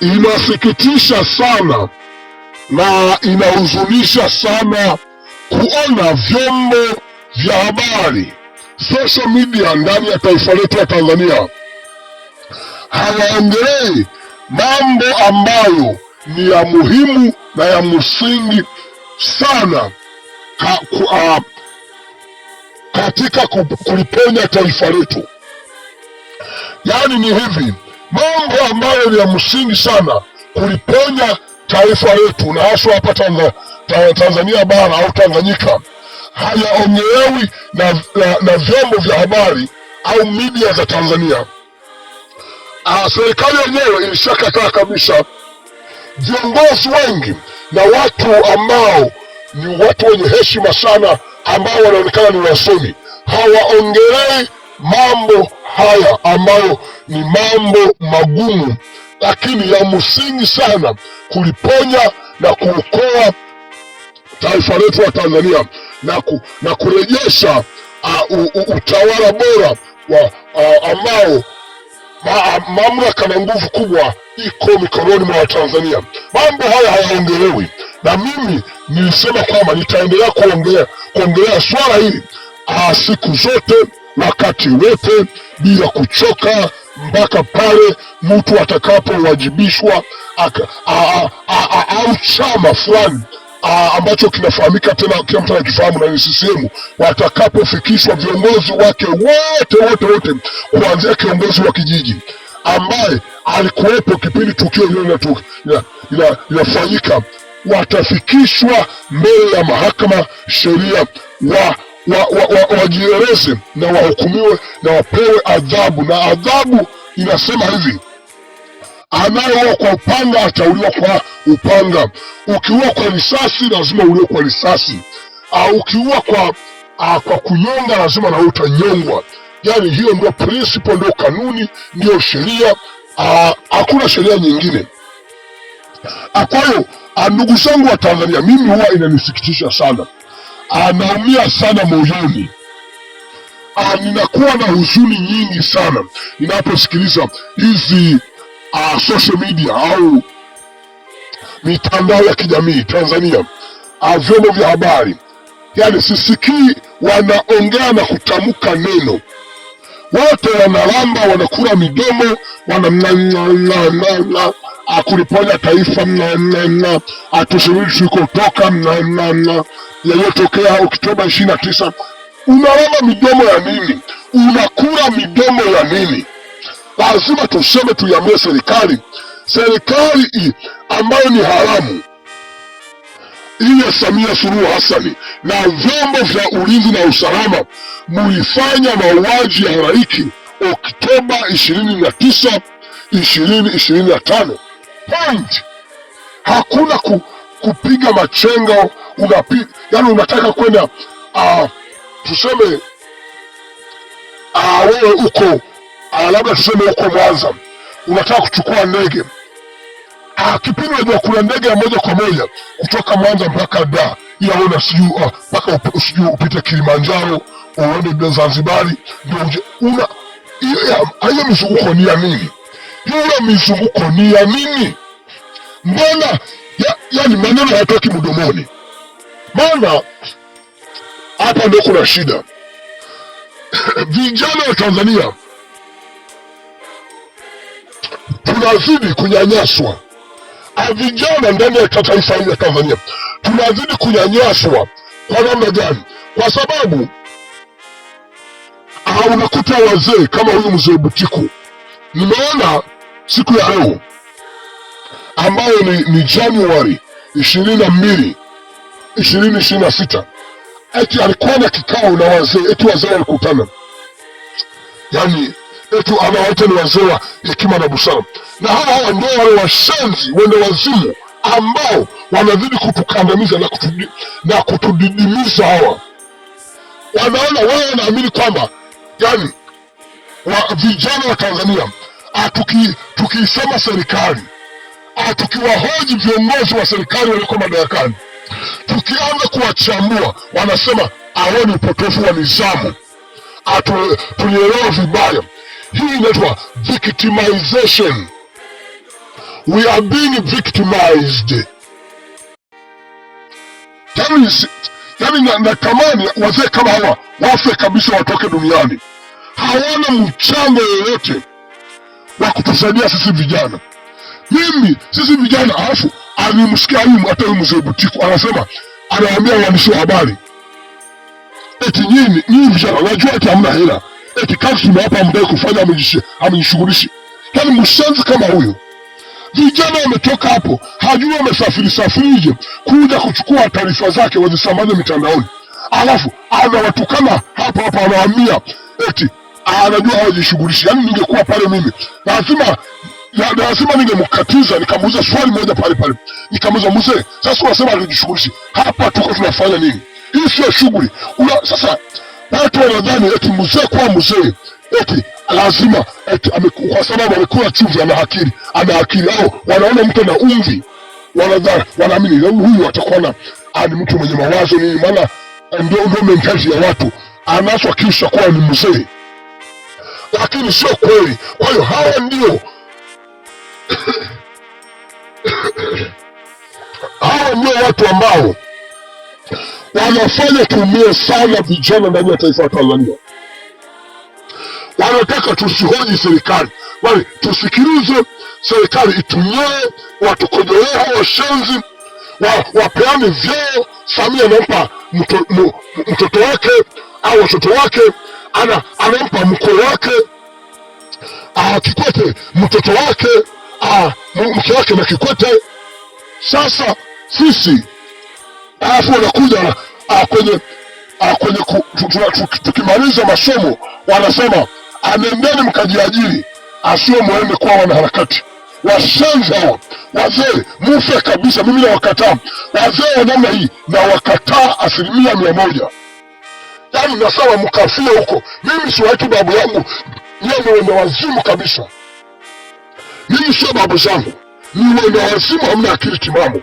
Inasikitisha sana na inahuzunisha sana kuona vyombo vya habari social media ndani ya taifa letu la Tanzania hawaongelei mambo ambayo ni ya muhimu na ya msingi sana ka, ku, a, katika kuliponya taifa letu. Yaani ni hivi mambo ambayo ni ya msingi sana kuliponya taifa letu na haswa hapa Tanzania bara au Tanganyika hayaongelewi na, na, na vyombo vya habari au media za Tanzania. Ah, serikali yenyewe ilishakataa kabisa. Viongozi wengi na watu ambao ni watu wenye heshima sana ambao wanaonekana ni wasomi hawaongelei mambo haya ambayo ni mambo magumu, lakini ya msingi sana kuliponya na kuokoa taifa letu la Tanzania na, ku, na kurejesha uh, u, u, utawala bora wa uh, ambao ma, mamlaka na nguvu kubwa iko mikononi mwa Watanzania. Mambo haya hayaongelewi, na mimi nilisema kwamba nitaendelea kuongelea swala hili uh, siku zote wakati wote bila kuchoka mpaka pale mtu atakapowajibishwa au chama fulani ambacho kinafahamika tena, kila mtu anakifahamu na ni watakapofikishwa viongozi wake wote wote wote, kuanzia kiongozi wa kijiji ambaye alikuwepo kipindi tukio hilo linafanyika, watafikishwa mbele ya mahakama sheria wa wajieleze wa, wa, wa na wahukumiwe na wapewe adhabu. Na adhabu inasema hivi, anayeua kwa upanga atauliwa kwa upanga. Ukiua kwa risasi lazima uliwe kwa risasi. Ah, ukiua kwa, a, ah, kwa kunyonga lazima na utanyongwa. Yani hiyo ndio principle, ndio kanuni, ndio sheria. Ah, hakuna sheria nyingine. Kwa hiyo ndugu zangu wa Tanzania, mimi huwa inanisikitisha sana anaumia sana moyoni, ah, ninakuwa na huzuni nyingi sana ninaposikiliza hizi uh, social media au mitandao ya kijamii Tanzania, uh, vyombo vya habari. Yani sisikii wanaongea na kutamka neno, wote wanalamba, wanakula midomo, wana akuliponya taifa, tusuhii tulikotoka yaliyotokea Oktoba 29, unaona tisa. midomo ya nini? Unakula midomo ya nini? Lazima tuseme, tuiambie serikali, serikali ambayo ni haramu iye ya Samia Suluhu Hasani na vyombo vya ulinzi na usalama, mulifanya mauaji ya halaiki Oktoba 29, 2025. Point, hakuna ku, kupiga machengo unapi, yani unataka kwenda uh, tuseme uh, wewe uko uh, labda tuseme uko Mwanza unataka kuchukua ndege uh, kipindi ndio kuna ndege ya moja kwa moja kutoka Mwanza mpaka da yaona sijui mpaka uh, up, sijui upite Kilimanjaro uende Zanzibari ndio una hiyo mizunguko ni ya nini? Hiyo mizunguko ni ya nini? Mbona ya, yani maneno hayatoki mdomoni. Bwana, hapa ndio kuna shida. Vijana wa Tanzania tunazidi kunyanyaswa, vijana ndani ya taifa la Tanzania tunazidi kunyanyaswa. Kwa namna gani? Kwa sababu unakuta wazee kama huyu mzee Butiku, nimeona siku ya leo ambayo ni, ni Januari ishirini na mbili ishirini ishirini na sita eti alikuwa na kikao na wazee, eti wazee walikutana, yani eti anawaita ni wazee wa hekima na busara, na hawa hawa ndio wale washenzi wende wazimu ambao wanazidi kutukandamiza na, kutu, na kutudidimiza. Hawa wanaona wao wanaamini kwamba yani wa, vijana wa Tanzania tukiisema tuki serikali tukiwahoji viongozi wa serikali walioko madarakani Tukianza kuwachambua wanasema awe ni upotofu wa nizamu, tulielewa vibaya. Hii inaitwa victimization. We are being victimized. Yani, natamani na, wazee kama hawa wafe kabisa, watoke duniani. Hawana mchango yoyote wa kutusaidia sisi vijana, mimi sisi vijana alafu alimsikia huyu hata huyu mzee Butiku anasema, anawaambia waandishi wa habari eti nyinyi nyinyi vijana unajua eti hamna hela, eti kazi tumewapa mdai kufanya amejishughulishi. Yani mshenzi kama huyo, vijana wametoka hapo, hajui wamesafiri safirije kuja kuchukua taarifa zake wazisambaze mitandaoni, alafu anawatukana hapa hapa, anawaambia eti anajua hawajishughulishi. Yani ningekuwa pale mimi lazima lazima ningemkatiza nikamuuliza swali moja pale pale, nikamuuliza mzee, sasa unasema hatujishughulishi hapa, tuko tunafanya nini? Hii sio shughuli. Sasa watu wanadhani eti mzee kwa mzee eti lazima eti kwa sababu amekula chumvi ana akili ana akili, au wanaona mtu na umvi, wanadhani wanaamini huyu atakuwa na ni mtu mwenye mawazo nini, maana eh, ndio ndio mentality ya watu, anaswa kisha kuwa ni mzee, lakini sio kweli. Kwa hiyo hawa ndio Hawa ndio watu ambao wanafanya tumie sana vijana ndani ya taifa la Tanzania. Wanataka tusihoji serikali, bali yaani, tusikilize serikali, itumie watukojolee hao washenzi, wapeane vyeo. Samia anampa mtoto wake au watoto wake, anampa mkoo wake, Kikwete mtoto wake Ah, mke wake na Kikwete. Sasa sisi alafu wanakuja ah, kwenye ah, tukimaliza masomo wanasema anendeni mkajiajiri, asio mwende kuwa wanaharakati. Washenzi wazee, mufe kabisa. Mimi nawakataa wazee wa namna hii, nawakataa asilimia mia moja. Yani nasawa mkafia huko. Mimi siwaiti babu yangu, yeye ndio wazimu kabisa mimi sio babu zangu, ni wenda wazimu, hamna akili timamu.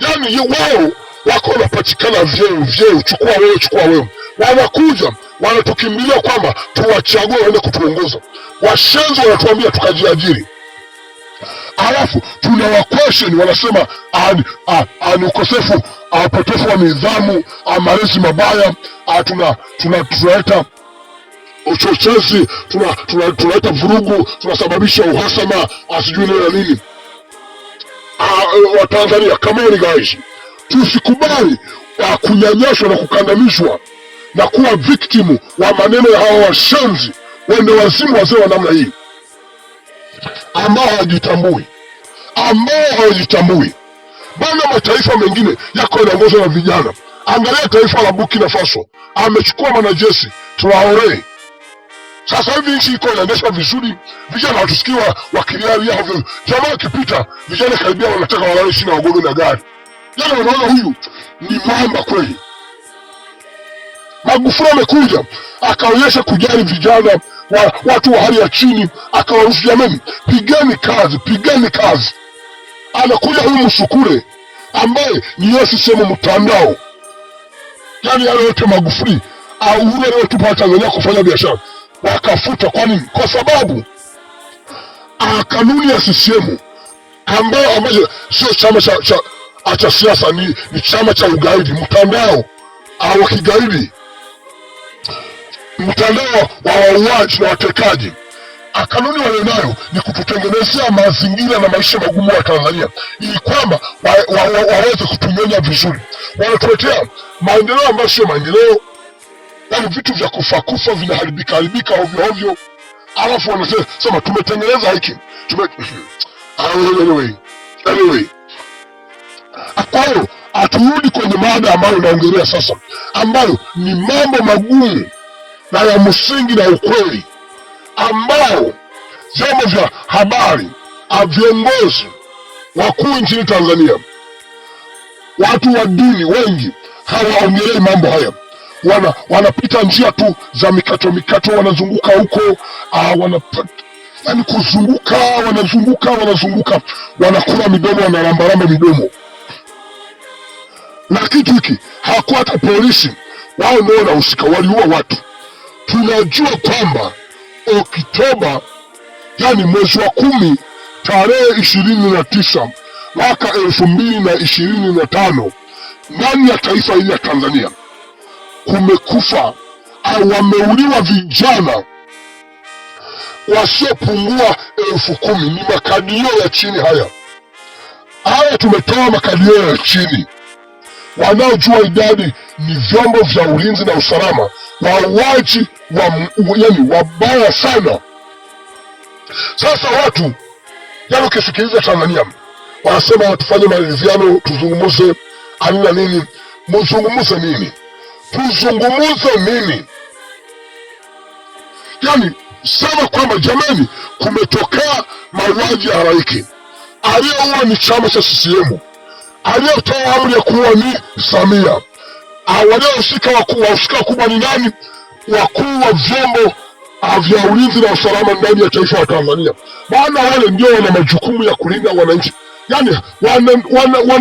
Yaani wao wako wanapatikana vyeo vyeo, chukua wewe, chukua wewe. Wanakuja wanatukimbilia kwamba tuwachague waende kutuongoza. Washenzi wanatuambia tukajiajiri, alafu tuna wakwesheni, wanasema ni ukosefu upotefu wa nidhamu, malezi mabaya, tunaleta tuna, tuna uchochezi, tunaleta tuna, tuna vurugu, tunasababisha uhasama asijui nini na ah, nini. Watanzania, come on guys, tusikubali kunyanyaswa na kukandamizwa na kuwa viktimu wa maneno ya hawa washenzi wende wazimu wazee wa namna hii ambao hawajitambui ambao hawajitambui bana. Mataifa mengine yako yanaongozwa na vijana. Angalia taifa la Burkina Faso, amechukua manajesi Traore sasa hivi nchi iko inaendeshwa vizuri, vijana watusikiwa wakilia hovyo. Jamaa akipita vijana karibia wanataka walale chini na wagogo na gari, Jana yaani wanaona huyu ni mamba kweli. Magufuli amekuja akaonyesha kujali vijana wa, watu wa hali ya chini, akawarufu jamani, pigeni kazi, pigeni kazi. Anakuja huyu Msukure ambaye ni Yesu sema mtandao, yaani yale yote Magufuli aure yote pa Tanzania kufanya biashara wakafuta. Kwa nini? Kwa sababu ah, kanuni ya CCM ambayo ambacho sio chama cha, cha, siasa ni, ni chama cha ugaidi, mtandao au ah, kigaidi, mtandao wa wauaji na watekaji. Ah, kanuni walionayo ni kututengenezea mazingira na maisha magumu wa Tanzania ili kwamba waweze wa, wa, wa kutunyonya vizuri. Wanatuletea maendeleo ambayo sio maendeleo yani vitu vya kufa kufa vinaharibika haribika ovyo ovyo, alafu wanasema tumetengeneza hiki tume... Ah, anyway, anyway. Ah, kwa hiyo haturudi kwenye mada ambayo naongelea sasa, ambayo ni mambo magumu na ya msingi na ukweli ambao vyombo vya habari a ah, viongozi wakuu nchini Tanzania, watu wa dini wengi hawaongelei mambo haya wana, wanapita njia tu za mikato mikato, wanazunguka huko ah, wana, yani kuzunguka, wanazunguka wanazunguka, wanakula midomo, wanalambalamba midomo na kitu hiki. Hakuwa hata polisi, wao ndio wanahusika, waliua watu. Tunajua kwamba Oktoba, yani mwezi wa kumi tarehe ishirini na tisa mwaka elfu mbili na ishirini na tano ndani ya taifa hili ya Tanzania kumekufa au wameuliwa vijana wasiopungua elfu kumi. Ni makadirio ya chini haya haya, tumetoa makadirio ya chini. Wanaojua idadi ni vyombo vya ulinzi na usalama, wauaji wa, yani wabaya sana. Sasa watu yani, ukisikiliza Tanzania wanasema tufanye maridhiano, tuzungumuze, hanina nini, muzungumuze nini kuzungumuza nini? Yani sema kwamba jamani, kumetokea mauaji ya halaiki, aliyeua ni chama cha CCM, aliyetoa amri ya kuua ni Samia, waliohusika wakubwa ni nani? Wakuu wa vyombo vya ulinzi na usalama ndani ya taifa la Tanzania, maana wale ndio wana majukumu ya kulinda wananchi. Yani wananchi wana, wana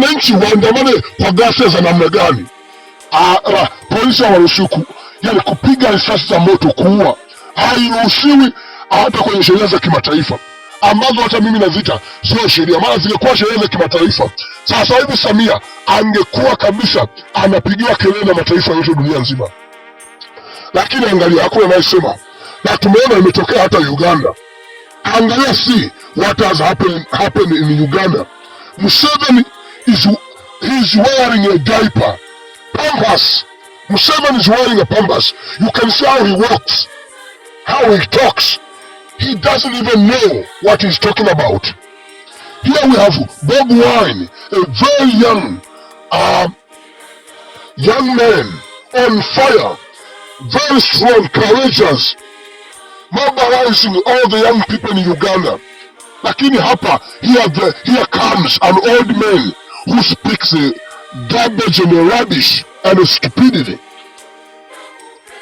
waandamane kwa ghasia za namna gani? Ah, ah, polisi hawaruhusiwi yani kupiga risasi za moto, kuua hairuhusiwi hata kwenye sheria za kimataifa ambazo hata mimi na vita sio sheria, maana zingekuwa sheria za kimataifa sasa hivi Samia angekuwa kabisa anapigiwa kelele na mataifa yote dunia nzima, lakini angalia, hakuna anayesema, na tumeona imetokea hata Uganda. Angalia, si what has happened, happened in Uganda. Museveni is, he is wearing a diaper Pampers. Museven is wearing a pampers. You can see how he walks, how he talks. He doesn't even know what he's talking about. Here we have Bob Wine, a very young, uh, young man on fire, very strong, courageous, mobilizing all the young people in Uganda. Lakini hapa, here, the, here comes an old man who speaks. Uh, garbage and your rubbish and stupidity.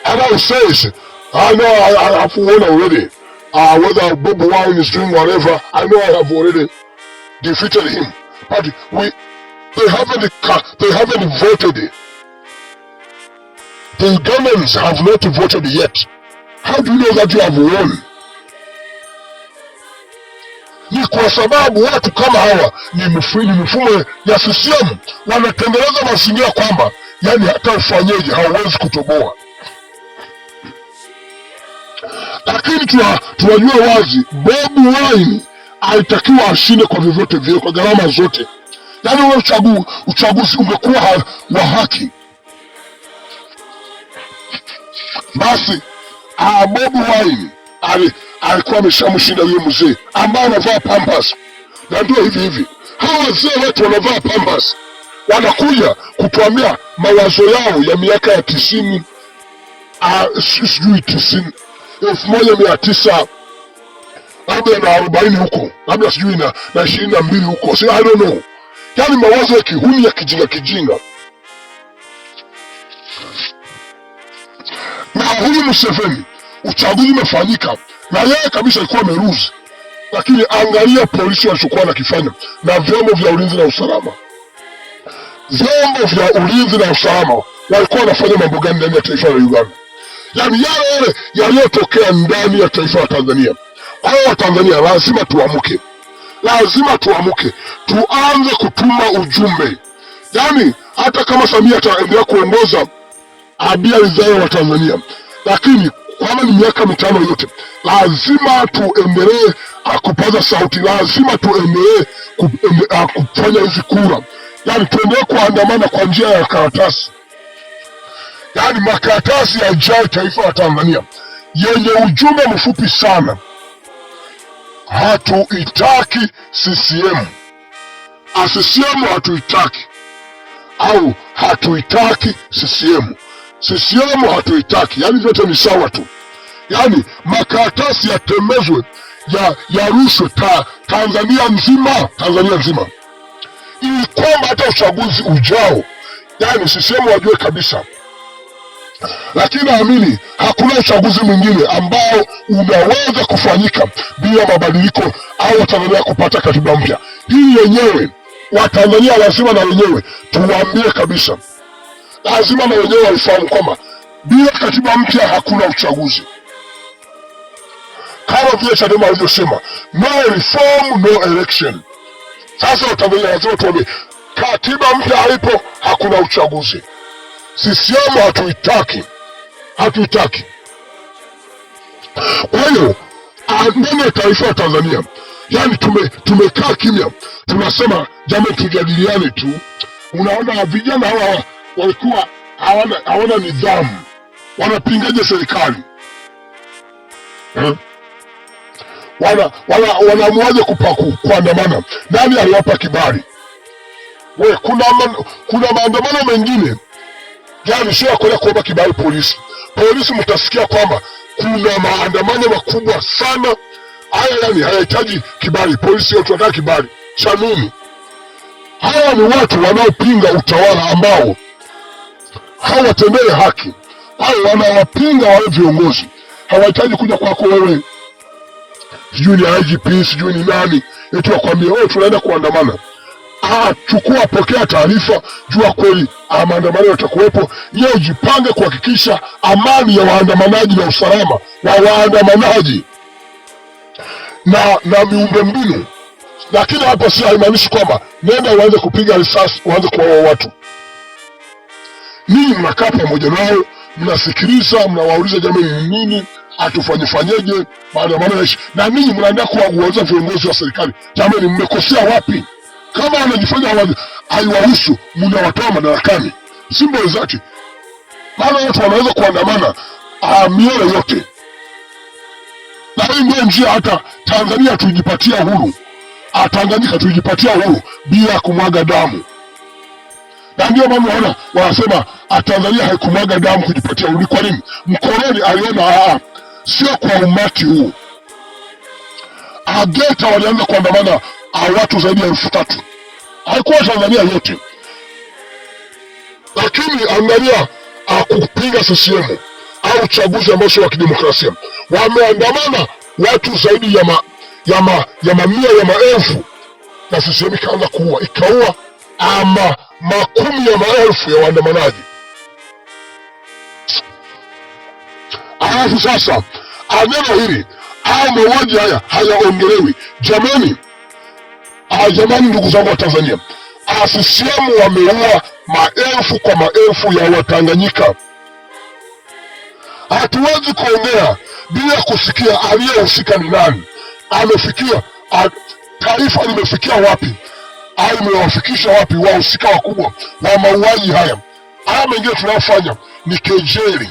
And I says, I know I, I, I've won already. Uh, whether Bob Wine is doing whatever, I know I have already defeated him. But we, they haven't, they haven't voted. The Ugandans have not voted yet. How do you know that you have won? ni kwa sababu watu kama hawa ni mifumo ya CCM wanatengeneza mazingira kwamba yani hata ufanyeje hauwezi kutoboa. Lakini tuwajue wazi, Bobi Wine alitakiwa ashinde kwa vyovyote vile, kwa gharama zote. Yani ule uchagu, uchaguzi umekuwa ha, wa haki. Basi ah, Bobi Wine alikuwa ameshamshinda huyo mzee ambaye anavaa pampas, na ndio hivi hivi hawa wazee wetu wanavaa pampas, wanakuja kutuambia mawazo yao ya miaka ya tisini, ah, sijui tisini elfu moja mia tisa labda na arobaini huko labda sijui na ishirini na mbili huko si I don't know, yaani mawazo ya kihuni ya kijinga kijinga. Na huyu Museveni uchaguzi umefanyika na yeye kabisa alikuwa ameruzi, lakini angalia polisi walichokuwa nakifanya na vyombo vya ulinzi na usalama. Vyombo vya ulinzi na usalama walikuwa wanafanya mambo gani ndani ya taifa la Uganda? Yani yale yale yaliyotokea ndani ya taifa la Tanzania. Kwa hiyo Watanzania lazima tuamke, lazima tuamke, tuanze kutuma ujumbe. Yani hata kama Samia ataendelea kuongoza, abia rizaya wa Tanzania, lakini kama ni miaka mitano yote, lazima tuendelee kupaza sauti, lazima tuendelee ah, kufanya hizi kura, yani tuendelee kuandamana kwa njia ya karatasi, yani makaratasi ya jai taifa la Tanzania yenye ujumbe mfupi sana: hatuitaki CCM, asisiemu ah, hatuitaki, au hatuitaki CCM. CCM hatuitaki, yaani vyote ni sawa tu, yaani makaratasi yatemezwe ya, ya rushwe ta, Tanzania nzima, Tanzania nzima, ili kwamba hata uchaguzi ujao, yaani CCM wajue kabisa. Lakini naamini hakuna uchaguzi mwingine ambao unaweza kufanyika bila mabadiliko au Watanzania kupata katiba mpya. Hii yenyewe Watanzania lazima na wenyewe tuwaambie kabisa lazima na wenyewe walifahamu kwamba bila katiba mpya hakuna uchaguzi, kama vile Chadema alivyosema no reform no election. Sasa Watanzania lazima tuambie, katiba mpya haipo, hakuna uchaguzi. Sisiemu hatuitaki, hatuitaki. Kwa hiyo ndani ya taifa ya Tanzania yani tumekaa tume kimya, tunasema jamani, tujadiliane tu. Unaona vijana hawa walikuwa hawana, hawana nidhamu. Wanapingaje serikali eh? Wanaamuaje wana kupaku kuandamana? Nani aliwapa kibali? We, kuna, man, kuna maandamano mengine yani sio yakwenda kuomba kibali polisi. Polisi mtasikia kwamba kuna maandamano makubwa sana haya, yani hayahitaji kibali polisi, tunataka kibali cha nini? Hawa ni watu wanaopinga utawala ambao hao watendee haki, hao wanawapinga wale viongozi. Hawahitaji kuja kwako wewe, sijui ni IGP, sijui ni nani, eti wakwambie wewe oh, tunaenda kuandamana. Ah, chukua, pokea taarifa, jua kweli ah, maandamano yatakuwepo. Yeye jipange kuhakikisha amani ya waandamanaji na usalama wa waandamanaji na na miundo mbinu. lakini hapo si haimaanishi kwamba nenda uanze kupiga risasi, uanze kuwaua watu. Ninyi mnakaa pamoja nao, mnasikiliza, mnawauliza jamani, nini baada ya yaishi, na ninyi mnaenda kuwauliza viongozi wa serikali, jamani, mmekosea wapi? Kama wanajifanya haiwahusu, mnawatoa madarakani. Simple as that. Maana watu wanaweza kuandamana ah, mioyo yote, na hii ndio njia hata Tanzania tujipatia uhuru, ah, Tanganyika tujipatia uhuru bila kumwaga damu na ndio maana unaona wanasema Tanzania haikumwaga damu kujipatia uhuru. Kwa nini? Mkoloni aliona aa, sio kwa umati huu. Ageta walianza kuandamana watu zaidi ya elfu tatu haikuwa Tanzania yote, lakini angalia kupinga CCM au uchaguzi ambao sio wa kidemokrasia, wameandamana watu zaidi ya ma, ya ma, ya mamia ya maelfu, na CCM ikaanza kuua ikaua ama makumi ya maelfu ya waandamanaji. Alafu sasa aneno hili au mauaji haya hayaongelewi. Jamani, jamani, ndugu zangu wa Tanzania, asisiemu wameua maelfu kwa maelfu ya Watanganyika. Hatuwezi kuongea bila kusikia aliyehusika ni nani, amefikia taifa limefikia wapi? au imewafikisha wapi wahusika wakubwa wa mauaji haya. Haya mengine tunayofanya ni kejeli,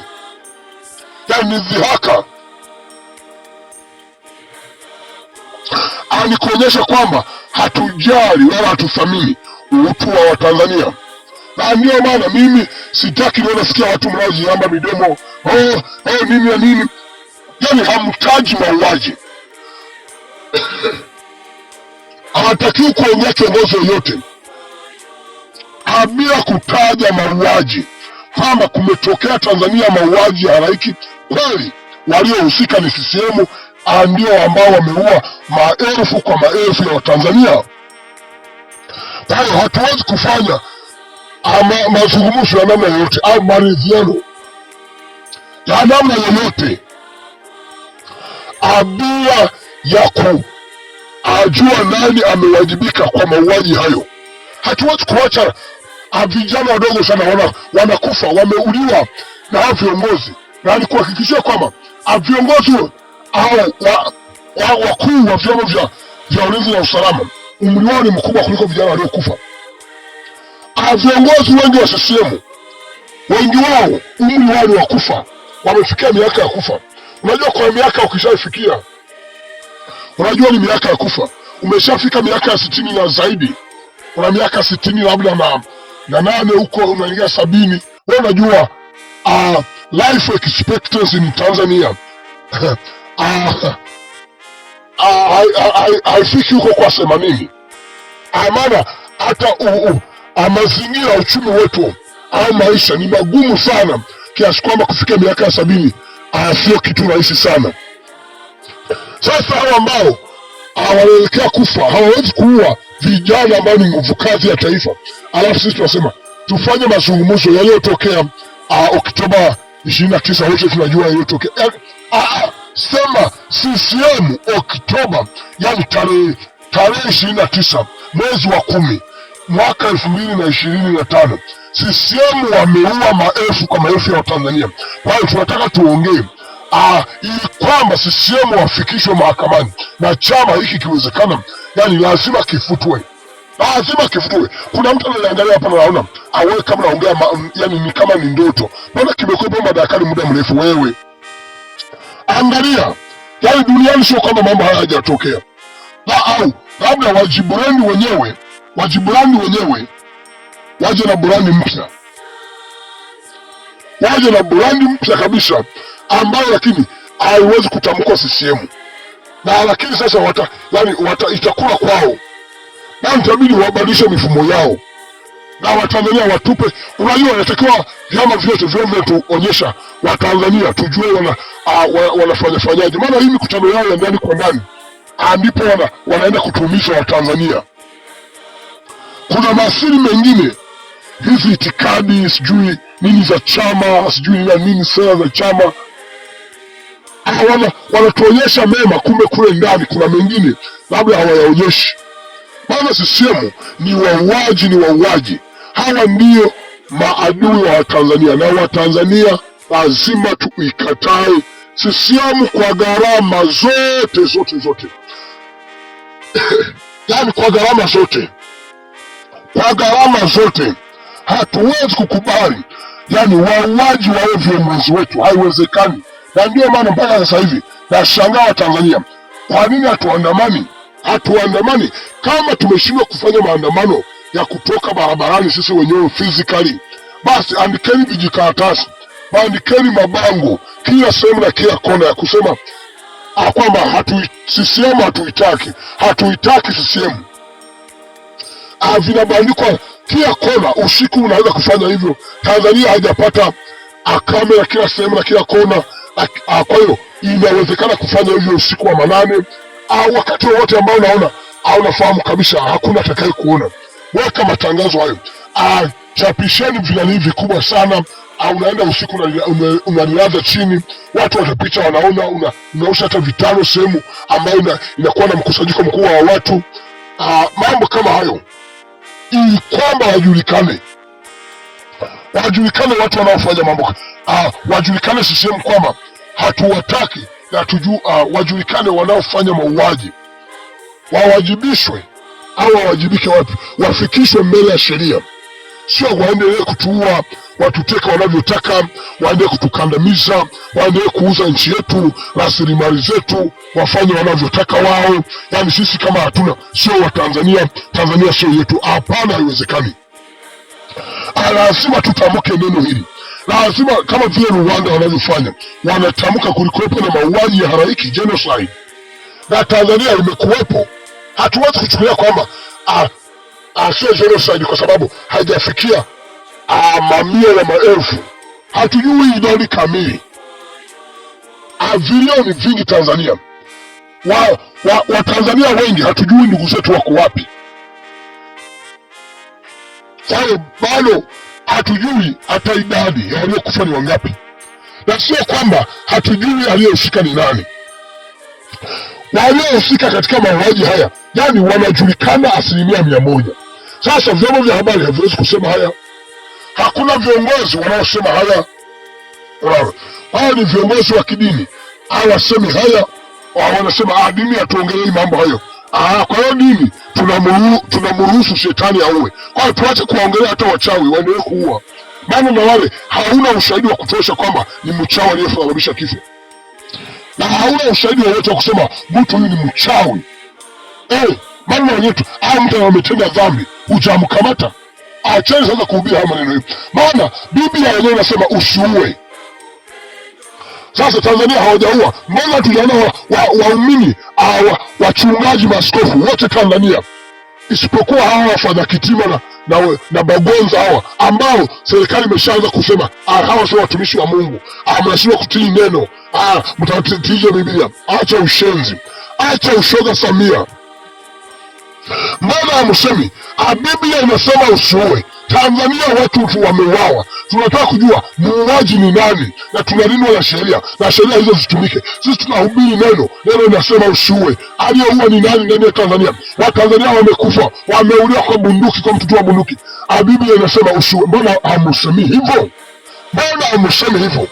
yani ni dhihaka, ani kuonyesha kwamba hatujali wala hatuthamini utu wa Watanzania. Na ndio maana mimi sitaki nasikia watu mnaojiamba midomo oh, oh, nini na nini, yani hamtaji mauaji. hawatakiwi kuongea kiongozi yoyote, Hamia kutaja mauaji kwamba kumetokea Tanzania mauaji ya halaiki. Kweli waliohusika ni CCM, ah, ndio ambao wameua maelfu kwa maelfu ya Watanzania. Kwa hiyo hatuwezi kufanya ah, mazungumzo ya namna yoyote au maridhiano ya namna yoyote abia ah, ya ku ajua nani amewajibika kwa mauaji hayo. Hatuwezi kuacha ah, vijana wadogo sana wana, wanakufa wameuliwa na hao viongozi, na nikuhakikishia kwamba ah, viongozi au ah, wakuu wa vyombo vya vya ulinzi na usalama umri wao ni mkubwa kuliko vijana waliokufa. Viongozi wengi wa CCM wengi wao umri wao ni wakufa, wamefikia miaka ya kufa. Unajua, kwa miaka ukishaifikia Unajua ni miaka ya kufa, umeshafika miaka ya sitini na zaidi, una miaka sitini labda na na nane huko, unaingia sabini. We unajua uh, life expectancy in Tanzania ah, ah, haifiki huko kwa themanini, maana hata mazingira ya uchumi wetu au maisha ni magumu sana kiasi kwamba kufikia miaka ya sabini sio kitu rahisi sana. Sasa hawa ambao hawaelekea kufa hawawezi kuua vijana ambao ni nguvu kazi ya taifa, alafu sisi tunasema tufanye mazungumzo yaliyotokea ah, Oktoba ishirini na tisa. Wote tunajua yaliyotokea, yaani, ah, ah, sema CCM Oktoba, yani tarehe tarehe ishirini na tisa mwezi wa kumi mwaka elfu mbili na ishirini na tano CCM wameua maelfu kwa maelfu ya Watanzania. Kwa hiyo tunataka tuongee aa, ah, ili kwamba CCM wafikishwe mahakamani na chama hiki kiwezekana, yani lazima kifutwe, lazima kifutwe. Kuna mtu anaangalia hapa, naona awe kama naongea mm, yani ni kama ni ndoto, maana kimekuwepo madarakani muda mrefu. Wewe angalia, yani duniani sio kwamba mambo haya hayajatokea, la au labda wajiburani wenyewe, wajiburani wenyewe waje na burani mpya, waje na burani mpya kabisa ambayo lakini haiwezi kutamkwa CCM na lakini sasa wata, yani wata, itakula kwao na itabidi wabadilishe mifumo yao na Watanzania watupe. Unajua, inatakiwa vyama vyote vile vinatuonyesha Watanzania tujue wana wanafanya fanyaje, maana hii mikutano yao ya ndani kwa ndani ndipo wana, wanaenda kutumisha Watanzania. Kuna masiri mengine hizi itikadi sijui nini za chama sijui nini sera za chama wanatuonyesha mema, kumbe kule ndani kuna mengine labda hawayaonyeshi. Maana sisiemu ni wauaji, ni wauaji. Hawa ndio maadui wa Watanzania na Watanzania lazima tuikatae sisiemu kwa gharama zote zote zote Yani kwa gharama zote, kwa gharama zote hatuwezi kukubali, yani wauaji wawe viongozi wetu, haiwezekani na ndio maana mpaka sasa hivi nashangaa Watanzania, kwa nini hatuandamani? Hatuandamani kama tumeshindwa kufanya maandamano ya kutoka barabarani sisi wenyewe physically, basi andikeni vijikaratasi, andikeni mabango kila sehemu na kila kona ya kusema kwamba hatu CCM hatuitaki, hatuitaki CCM. Ah, vinabandikwa kila kona, usiku unaweza kufanya hivyo. Tanzania haijapata kamera kila sehemu na kila kona. Ah, ah, kwa hiyo inawezekana kufanya hiyo usiku wa manane au ah, wakati wowote ambao unaona au unafahamu kabisa hakuna atakaye kuona. Weka matangazo hayo, chapisheni vinani vikubwa sana au unaenda usiku unaliaza chini, watu watapita wanaona, una, unaosha hata vitano sehemu ambayo inakuwa na mkusanyiko mkubwa wa watu aa, mambo kama hayo, ili kwamba wajulikane, wajulikane watu wanaofanya mambo, ah, wajulikane sisehemu kwamba hatuwataki na tujua, uh, wajulikane wanaofanya mauaji wawajibishwe, au wawajibike wapi, wafikishwe mbele ya sheria, sio waendelee kutuua, watuteka wanavyotaka, waendelee kutukandamiza, waendelee kuuza nchi yetu, rasilimali zetu, wafanye wanavyotaka wao. Yani sisi kama hatuna, sio Watanzania, Tanzania sio yetu. Hapana, haiwezekani. Ah, lazima tutamke neno hili lazima, kama vile Rwanda wanavyofanya, wanatamka kulikuwepo na mauaji ya halaiki genocide, na Tanzania imekuwepo. Hatuwezi kuchukulia kwamba sio genocide kwa sababu haijafikia mamia na maelfu. Hatujui idadi kamili, vilioni vingi Tanzania Watanzania wa, wa wengi hatujui ndugu zetu wako wapi. Sasa bado hatujui hata idadi ya waliokufa ni wangapi, na sio kwamba hatujui aliyehusika ni nani. Waliohusika katika mauaji haya yani wanajulikana asilimia mia moja. Sasa vyombo vya habari haviwezi kusema haya, hakuna viongozi wanaosema haya. Hawa ni viongozi wa kidini, hawasemi haya, wanasema ah, dini hatuongelei mambo hayo. Ah, kwa hiyo nini? tunamruhusu shetani auwe. Kwa hiyo tuache kuwaongelea hata wachawi waendelee kuua, bado na wale hauna ushahidi wa kutosha kwamba ni mchawi aliyesababisha kifo, na hauna ushahidi wowote wa kusema mtu huyu ni mchawi eh, bado na wenyewe hao mtu ametenda dhambi hujamkamata. Acheni sasa kuhubiri haya maneno hiyo, maana Biblia yenyewe inasema usiue. Sasa Tanzania hawajaua mbona? Tuliona waumini ah, wa wachungaji wa maskofu wote Tanzania isipokuwa hawa wafadha Kitima na, na, na Bagonza hawa ambao serikali imeshaanza kusema ah, hawa sio watumishi wa Mungu, ah, mnashindwa kutii neno, mtatitiza Biblia. Acha ushenzi, acha ushoga Samia. Mbona hamsemi? Biblia inasema usiue. Tanzania watu tu wameuawa, tunataka kujua muuaji ni nani, na tunalindwa na sheria na sheria hizo zitumike. Sisi tunahubiri neno, neno linasema usiue. Aliyeua ni nani ndani ya Tanzania? Watanzania wamekufa, wameuliwa kwa bunduki, kwa mtutu wa bunduki. Ah, Biblia inasema usiue, mbona hamusemi hivyo? Mbona hamusemi hivyo?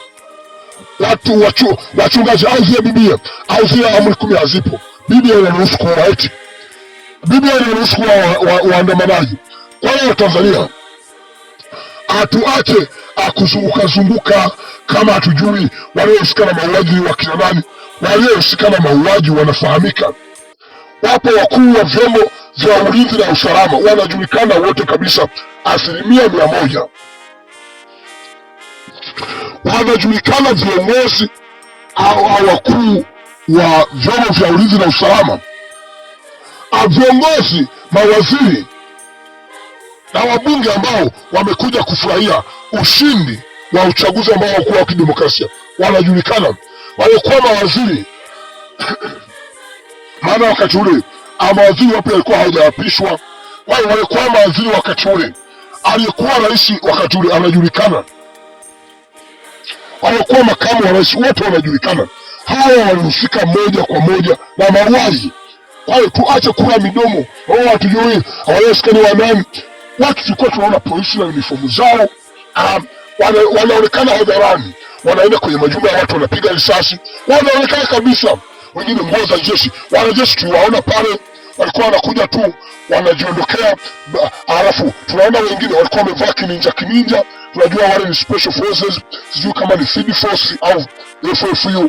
Watu wachu, wachungaji au zile Biblia au zile amri kumi hazipo. Biblia inaruhusu kuua eti, Biblia inaruhusu kuua waandamanaji. Kwa hiyo Tanzania atuache akuzungukazunguka kama hatujui waliohusika na mauaji wa kina nani. Waliohusika na mauaji wanafahamika, wapo wakuu wa vyombo vya ulinzi na usalama, wanajulikana wote kabisa, asilimia mia moja wanajulikana viongozi au, wakuu wa vyombo vya ulinzi na usalama, aviongozi viongozi, mawaziri na wabunge ambao wamekuja kufurahia ushindi wa uchaguzi ambao haukuwa wa kidemokrasia wanajulikana, waliokuwa mawaziri maana wakati ule mawaziri wapya walikuwa hawajaapishwa, wale waliokuwa mawaziri wakati ule, aliyekuwa rais wakati ule anajulikana, waliokuwa makamu wa rais wote wanajulikana. Hawa walihusika moja kwa moja na mauaji. Kwa hiyo tuache kula midomo, hao watu juu hawajasikia ni wanani watu tulikuwa tunaona polisi na unifomu zao um, wanaonekana hadharani, wanaenda kwenye majumba ya watu, wanapiga risasi, wanaonekana kabisa, wengine nguo za jeshi. Wanajeshi tuliwaona pale, walikuwa wanakuja tu wanajiondokea, alafu tunaona wengine walikuwa wamevaa kininja kininja, tunajua wale ni special forces, sijui kama ni Field Force au FFU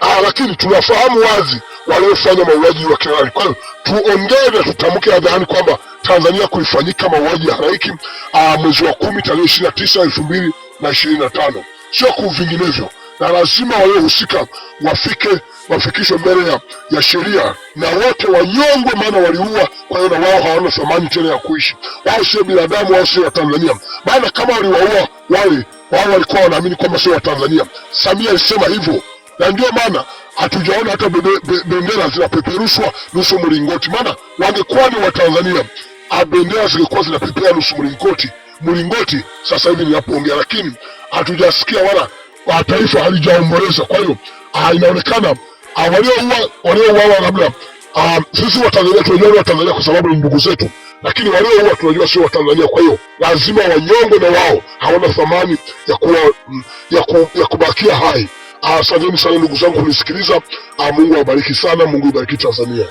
ah, lakini tunafahamu wazi waliofanya mauaji wa kimbari. Kwa hiyo tuongee na tutamke hadharani kwamba Tanzania kulifanyika mauaji ya halaiki ah, mwezi wa kumi tarehe ishirini na tisa elfu mbili na ishirini na tano sio kuvinginevyo, na lazima waliohusika wafike wafikishwe mbele ya, ya sheria na wote wanyongwe, maana waliua. Kwa hiyo na wao hawana thamani tena ya kuishi. Wao sio binadamu, wao sio Watanzania, maana kama waliwaua wale wao walikuwa wanaamini kwamba sio Watanzania. Samia alisema hivyo na ndio maana hatujaona hata bendera zinapeperushwa nusu mlingoti, maana wangekuwa ni Watanzania, ah, bendera zingekuwa zinapepea nusu mlingoti mlingoti sasa hivi ninapoongea, lakini hatujasikia wala ah, taifa halijaomboleza. Kwa hiyo ah, inaonekana waliouawa labda sisi Watanzania tunajua ni Watanzania kwa sababu ni ndugu zetu, lakini waliouawa tunajua sio Watanzania. Kwa hiyo lazima wanyonge, na wao hawana thamani ya, mm, ya, ku, ya kubakia hai. Asanteni sana ndugu zangu kunisikiliza. Ah, Mungu awabariki sana. Mungu ibariki Tanzania.